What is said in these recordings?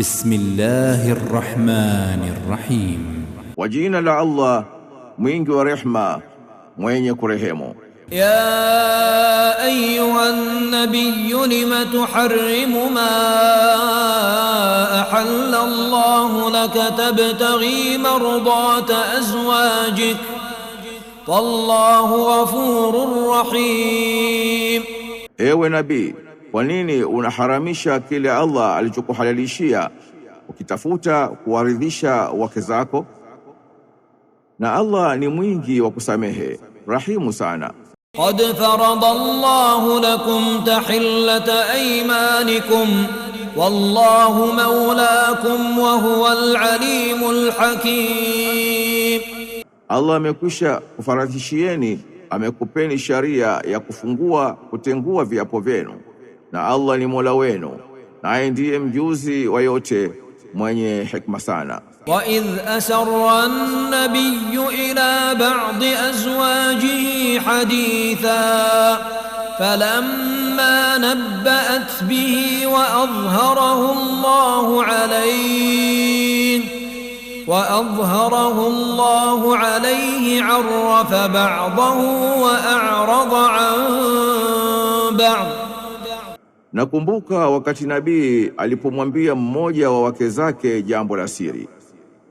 بسم الله الرحمن الرحيم وجينا لعل الله mwingi wa rehma يا أيها النبي لم تحرم ما أحل الله لك تبتغي مرضات أزواجك والله غفور رحيم أيوة نبي Kwa nini unaharamisha kile Allah alichokuhalalishia ukitafuta kuwaridhisha wake zako? Na Allah ni mwingi wa kusamehe, rahimu sana. Qad faradallahu lakum tahillata aymanikum wallahu maulakum wa huwa alalimul hakim, Allah amekwisha kufaradhishieni, amekupeni sharia ya kufungua kutengua viapo vyenu na Allah ni Mola wenu, naye ndiye mjuzi wa yote, mwenye hikma sana. وإذ أسر النبي إلى بعض أزواجه حديثا فلما نبأت به وأظهره الله عليه وأظهره الله عليه عرف بعضه وأعرض عن بعض Nakumbuka wakati nabii alipomwambia mmoja wa wake zake jambo la siri,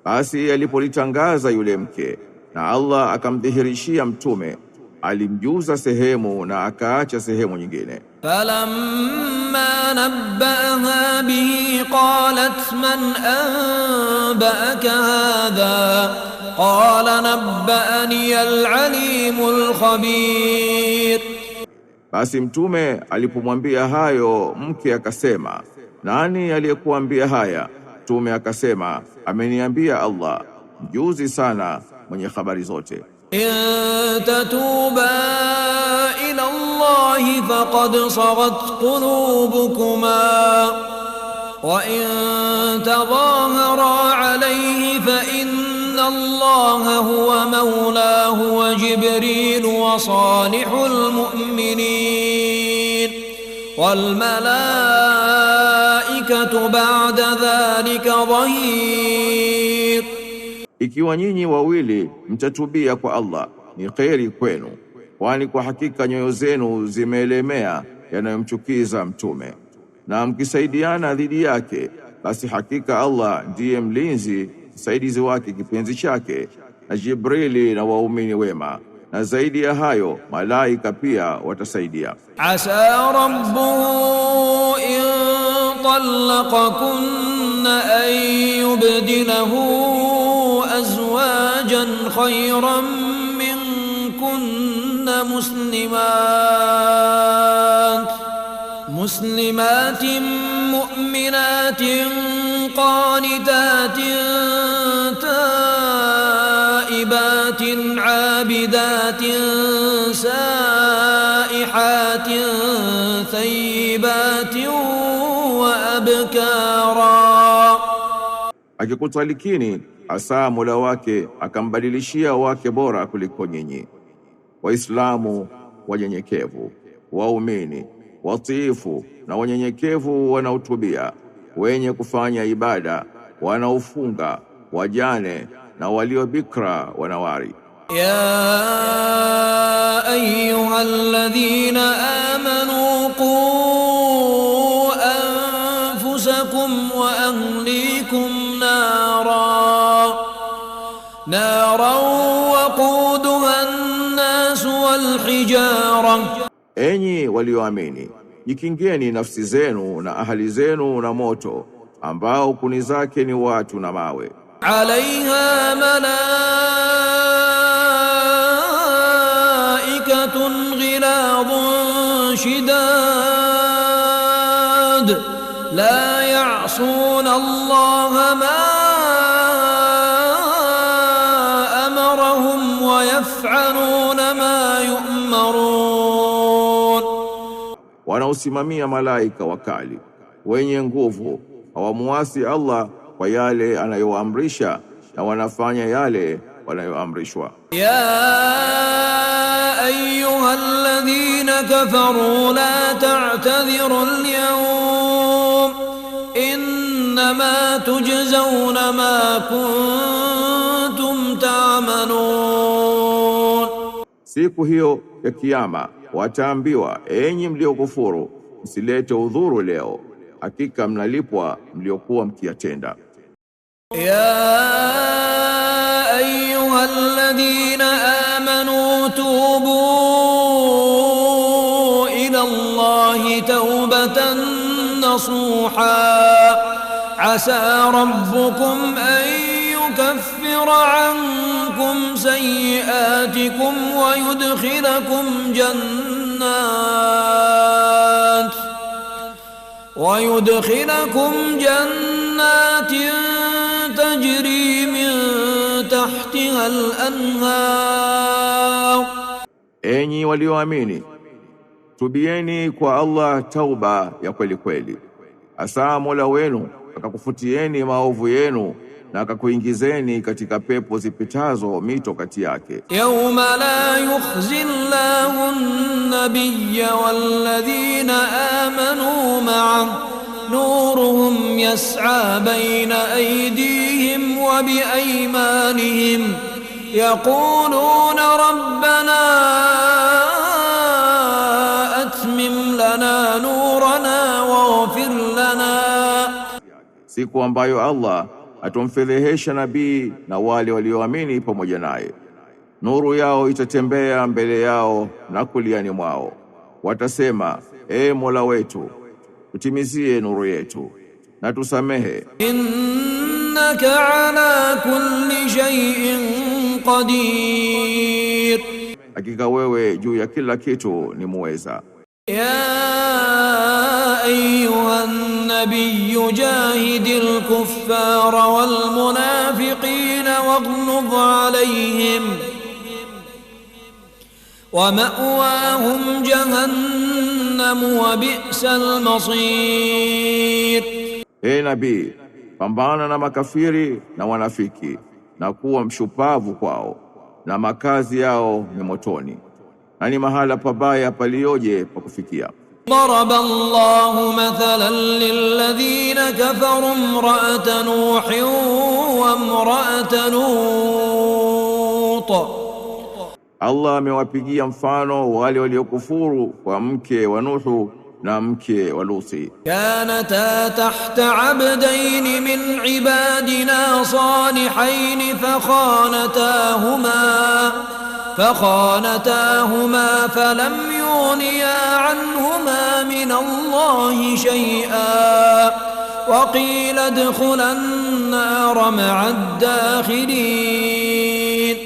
basi alipolitangaza yule mke na Allah akamdhihirishia mtume, alimjuza sehemu na akaacha sehemu nyingine. falamma nabbaha bihi qalat man anba'aka hadha qala nabba'ani al-alimul khabir basi Mtume alipomwambia hayo mke akasema, nani aliyekuambia haya? Mtume akasema, ameniambia Allah mjuzi sana, mwenye habari zote. in tatuba ila Allah faqad sagat qulubukuma wa in tadhahara alayhi fa inna الله هو مولاه وجبريل وصالح المؤمنين والملائكة بعد ذلك ظهير ikiwa nyinyi wawili mtatubia kwa Allah ni kheri kwenu kwani kwa hakika nyoyo zenu zimeelemea yanayomchukiza mtume na mkisaidiana dhidi yake basi hakika Allah ndiye mlinzi msaidizi wake kipenzi chake na Jibrili na waumini wema na zaidi ya hayo malaika pia watasaidia. Asa rabbuhu in talaqakunna an yubdilahu azwajan khayran minkunna muslimat muslimatin mu'minatin قانتات تائبات عابدات سائحات ثيبات وأبكارا akikutalikini asaa Mola wake akambadilishia wake bora kuliko nyinyi, Waislamu wanyenyekevu, waumini watiifu na wanyenyekevu wanaotubia wenye kufanya ibada, wanaofunga, wajane na walio bikra wanawari. ya ayuha alladhina amanu qu anfusakum wa ahlikum nara nara wa waquduha an-nas wal hijara, enyi walioamini jikingeni nafsi zenu na ahali zenu na moto ambao kuni zake ni watu na mawe. alaiha malaikatun ghiladun shidad la ya'sun Allah ma amarahum wa yaf'aluna ma yu'marun wanaosimamia malaika wakali wenye nguvu, hawamuasi Allah kwa yale anayoamrisha na wanafanya yale wanayoamrishwa. ya ayuha alladhina kafaru la ta'tadhiru al-yawm innama tujzauna ma kuntum ta'malun, siku hiyo ya Kiyama wataambiwa, enyi mliokufuru, msilete udhuru leo, hakika mnalipwa mliokuwa mkiyatenda. ya ayyuhalladhina amanu tubu ila Allahi tawbatan nasuha asa rabbukum an يكفر عنكم سيئاتكم ويدخلكم جنات ويدخلكم جنات تجري من تحتها الأنهار Enyi walioamini tubieni kwa Allah tauba ya kweli kweli, hasa Mola wenu akakufutieni maovu yenu na akakuingizeni katika pepo zipitazo mito kati yake. Yauma la yukhzi Allahu an-nabiyya walladhina amanu ma'a nuruhum yas'a bayna aydihim wa bi aymanihim yaquluna rabbana atmim lana nurana waghfir lana, siku ambayo Allah atomfedhehesha nabii na wale walioamini pamoja naye. Nuru yao itatembea mbele yao na kuliani mwao. Watasema, ee Mola wetu, tutimizie nuru yetu na tusamehe. Innaka ala kulli shay'in qadir, hakika wewe juu ya kila kitu ni muweza ya أيها النبي جاهد الكفار والمنافقين واغلظ عليهم ومأواهم جهنم وبئس المصير Ee Nabii, pambana na makafiri na wanafiki na kuwa mshupavu kwao, na makazi yao ni motoni, na ni mahala pabaya palioje pa kufikia. ضرب الله مثلا للذين كفروا امرأة نوح وامرأة لوط Allah amewapigia mfano wale waliokufuru kwa mke wa Nuhu na mke wa Luthi. Kanata tahta abdain min ibadina salihain fakhanatahuma فخانتاهما فلم يغنيا عنهما من الله شيئا وقيل ادخلا النار مع الداخلين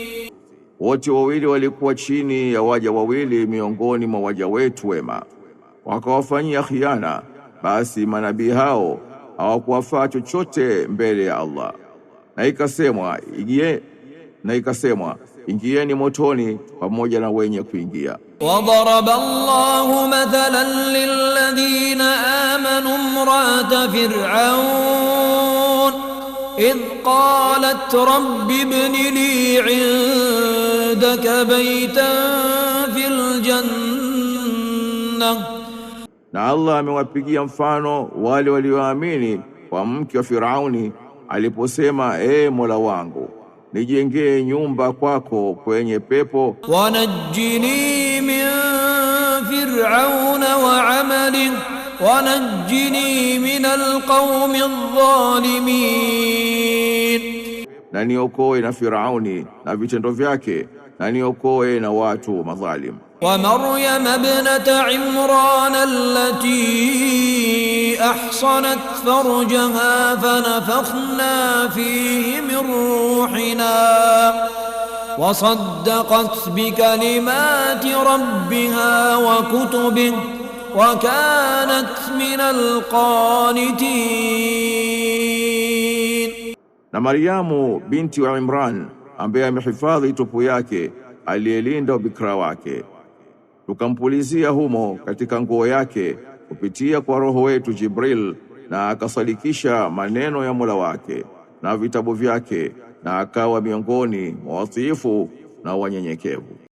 wote wawili walikuwa chini ya waja wawili miongoni mwa waja wetu wema wakawafanyia khiana basi manabii hao hawakuwafaa chochote mbele ya Allah na ikasemwa igie na ikasemwa ingieni motoni pamoja na wenye kuingia. Wadaraba Allahu mathalan lilladhina amanu imra'ata fir'aun idh qalat rabbi ibni li 'indaka baytan fil janna, na Allah amewapigia mfano wale walioamini wa mke wa Firauni aliposema, ee Mola wangu nijengee nyumba kwako kwenye pepo. wanajini min firauna wa amali wanajini min alqawmi adh-dhalimin, na niokoe na Firauni na vitendo vyake, na niokoe na watu madhalimu. ومريم ابنة عمران التي أحصنت فرجها فنفخنا فيه من روحنا وصدقت بكلمات ربها وكتبه وكانت من القانتين na Mariamu binti wa Imran ambaye amehifadhi tupu yake aliyelinda wake tukampulizia humo katika nguo yake kupitia kwa roho wetu Jibril, na akasadikisha maneno ya Mola wake na vitabu vyake, na akawa miongoni mwa watiifu na wanyenyekevu.